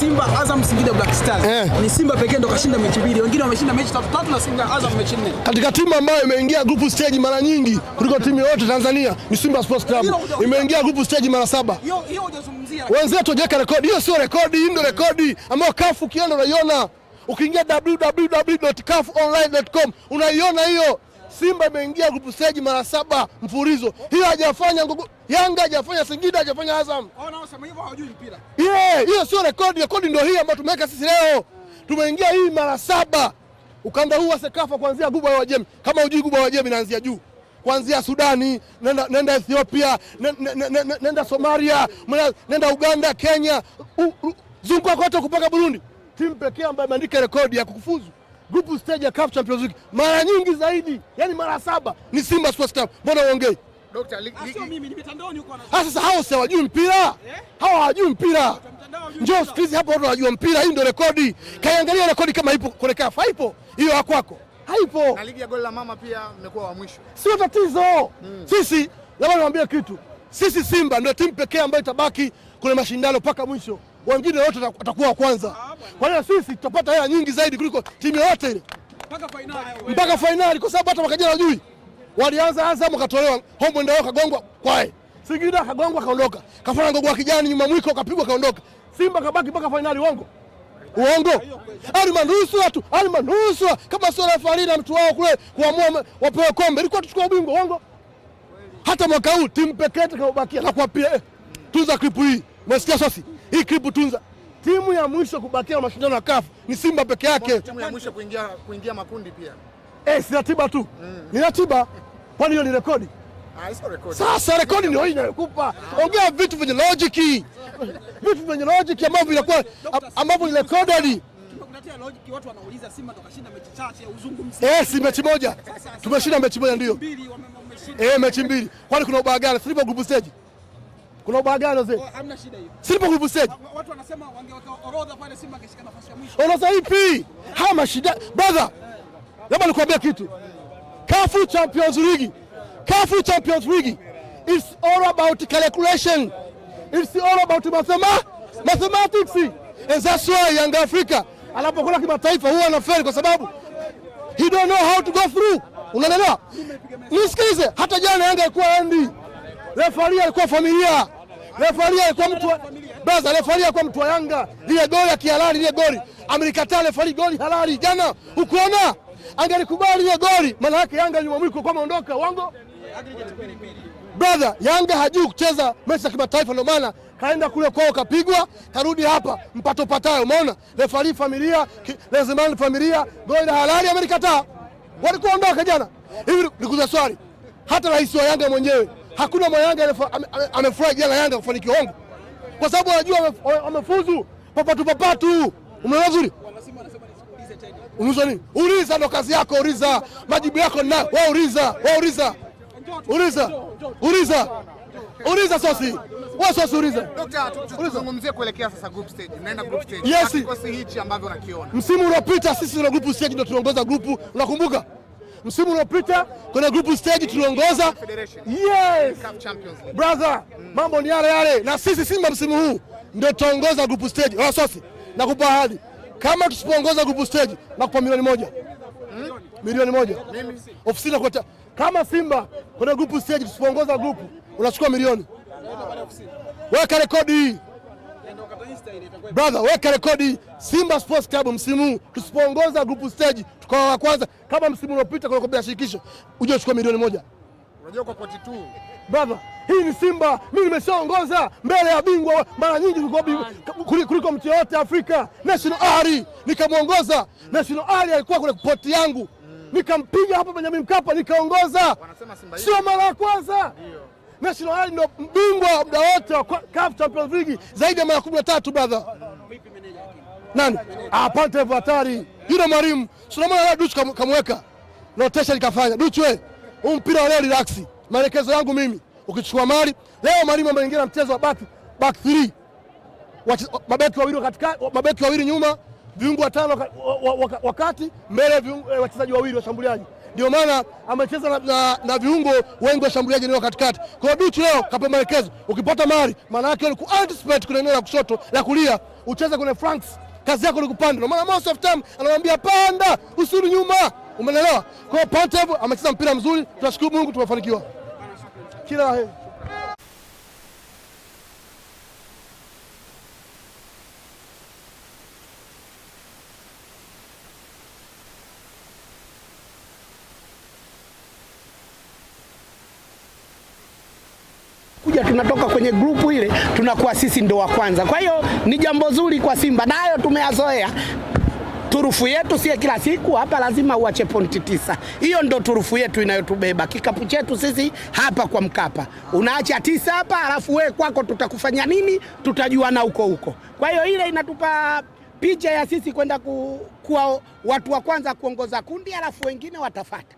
Simba Azam Singida Black Stars. Eh. Ni Simba pekee ndo kashinda mechi mbili. Wengine wameshinda mechi tatu na Singida Azam mechi nne. Katika timu ambayo imeingia group stage mara nyingi kuliko timu yote Tanzania ni Simba Sports Club. Imeingia group stage mara saba. Hiyo hiyo hujazungumzia. Wenzetu hajaweka rekodi. Hiyo sio rekodi, hii ndio rekodi ambayo CAF ukienda unaiona. Ukiingia www.cafonline.com unaiona hiyo. Simba imeingia group stage mara saba mfululizo. Hiyo hajafanya ngugu Yanga hajafanya, Singida hajafanya, Azam. hivyo hawajui mpira. Hiyo sio rekodi. Rekodi ndio hii ambayo tumeweka sisi leo, tumeingia hii mara saba ukanda huu wa Sekafa kuanzia guba ya Wajemi. Kama hujui guba ya Wajemi inaanzia juu, kuanzia Sudani, nenda, nenda Ethiopia, nenda, nenda Somalia, nenda Uganda, Kenya, zunguka kote kupaka Burundi. Timu pekee ambayo imeandika rekodi ya kukufuzu group stage ya CAF Champions League mara nyingi zaidi, yani mara saba ni Simba Sports Club. Mbona uongei? Ah, ah, sasa hao si hawajui mpira, eh? hawa hawajui mpira. Njoo siku hizi hapa watu wanajua mpira. Hii ndio rekodi, kaiangalia rekodi kama ipo kule kafa, ipo hiyo ya kwako haipo. Na ligi ya goli la mama pia mmekuwa wa mwisho, sio tatizo mm. Sisi labda niwaambie kitu, sisi Simba ndio timu pekee ambayo itabaki kwenye mashindano mpaka mwisho, wengine wote watakuwa wa kwanza. Ah, kwa hiyo sisi tutapata hela nyingi zaidi kuliko timu yoyote ile mpaka fainali, kwa sababu hata mwaka jana wajui walianza Azam akatolewa Hombo kagongwa kwae Singida kagongwa kaondoka, kafanya ngogo ya kijani nyuma mwiko kapigwa kaondoka. Simba kabaki mpaka fainali. Uongo, uongo. Alimanusura tu, alimanusura kama sio refari na mtu wao kule kuamua wapewe kombe, ilikuwa tuchukua ubingwa. Uongo. Hata mwaka huu timu pekee itakayobakia na kuapia, eh, tunza klipu hii, umesikia sasa? hii klipu, tunza timu ya mwisho kubakia mashindano ya CAF ni Simba peke yake, timu ya mwisho kuingia, kuingia makundi pia Eh, si ratiba tu mm. Ni ratiba kwani hiyo ni ah, rekodi? sasa rekodi ndio hii inayokupa. Ah. Ongea vitu vyenye lojiki vitu vyenye lojiki ambavyo vinakuwa ambavyo ni recorded eh, si mechi moja tumeshinda mechi moja ndio eh, mechi mbili. Kwani kuna ubagana silipo group stage? Kuna oh, shida hiyo. silipo group stage? Watu wanasema wangeweka orodha pale, Simba angeshika nafasi ya mwisho. Orodha ipi? Haya shida. brother eh. Labda nikuambia kitu. CAF Champions League. CAF Champions League. It's all about calculation. It's all about mathema, mathematics. And that's why Young Africa anapokwenda kimataifa huwa anafeli kwa sababu he don't know how to go through. Unaelewa? Nisikilize, hata jana Yanga alikuwa endi. Refari alikuwa familia. Refari alikuwa mtu wa Baza, refari alikuwa mtu wa Yanga. Lile goli ya kihalali, lile goli. Amerika tale refari goli halali jana. Ukuona? angelikubali hiyo goli, maana yake Yanga nyuma mwiko kwa maondoka wango brother. Yanga hajui kucheza mechi za kimataifa, ndio maana kaenda kule kwao kapigwa, karudi hapa mpato patayo. Umeona refari familia lazimani familia goli la halali amelikataa, ondoka jana hivi. Nikuza swali, hata rais wa Yanga mwenyewe hakuna mwa Yanga amefurahi jana Yanga kufanikiwa wangu, kwa sababu anajua wamefuzu papatu papatu. Umeona vizuri Unauliza nini? Uliza, ndo kazi yako. Uliza majibu yako na wewe, uliza wewe, uliza uliza uliza uliza sosi wewe, sosi uliza. Tuzungumzie kuelekea sasa group stage, mnaenda group stage. Yes, kikosi hichi ambavyo unakiona msimu uliopita sisi tuna group stage, ndio tunaongoza group, unakumbuka? Msimu uliopita kwenye group stage tuliongoza. Yes brother, mm. mambo ni yale yale, na sisi Simba msimu huu ndio tutaongoza group stage. Wewe sosi, nakupa ahadi. Kama tusipoongoza group stage nakupa milioni moja hmm? milioni moja ofisini nakuletea. Kama Simba kwenye group stage tusipoongoza group unachukua milioni. Weka rekodi hii brother, weka rekodi Simba Sports Club msimu huu tusipoongoza group stage tukawa wa kwanza kama msimu uliopita kwenye kombe la shirikisho, uje uchukua milioni moja. Unajua kwa pochi tu. Baba, hii ni Simba. Mimi nimeshaongoza mbele ya bingwa mara nyingi kuliko mtu yote Afrika. National Ari nikamwongoza. National Ali alikuwa kule poti yangu. Mm. Nikampiga hapo Benjamin Mkapa nikaongoza. Sio mara ya kwanza. National Ali ndio bingwa wa muda wote wa CAF Champions League zaidi ya mara 13 brother. Nani? Ah, Pantev hatari. Yule mwalimu. Sulemana Duchu kamweka. Rotation ikafanya. Duchu wewe. Huu mpira leo relax. Maelekezo yangu mimi, ukichukua mali leo mwalimu ameingia na mchezo wa back back 3. Mabeki wawili katika, mabeki wawili nyuma, viungo watano wakati, mbele eh, wachezaji wawili washambuliaji. Ndio maana amecheza na, na, na viungo wengi washambuliaji leo katikati. Kwa hiyo Dutch leo kapewa maelekezo, ukipata mali maana yake ni kuanticipate kuna eneo la kushoto la kulia, ucheze kwenye flanks, kazi yako ni kupanda. Ndio maana most of time anamwambia panda, usiri nyuma. Umenelewa? Kwa hiyo Pantev amecheza mpira mzuri, tunashukuru Mungu tumefanikiwa. Kila la heri. kuja tunatoka kwenye grupu ile tunakuwa sisi ndo wa kwanza. Kwa hiyo ni jambo zuri kwa Simba, nayo tumeyazoea turufu yetu sie kila siku hapa, lazima uache pointi tisa. Hiyo ndo turufu yetu inayotubeba kikapu chetu sisi hapa kwa Mkapa. Unaacha tisa hapa, halafu wewe kwako tutakufanya nini? tutajua na huko huko. Kwa hiyo ile inatupa picha ya sisi kwenda ku, kuwa watu wa kwanza kuongoza kundi, halafu wengine watafata.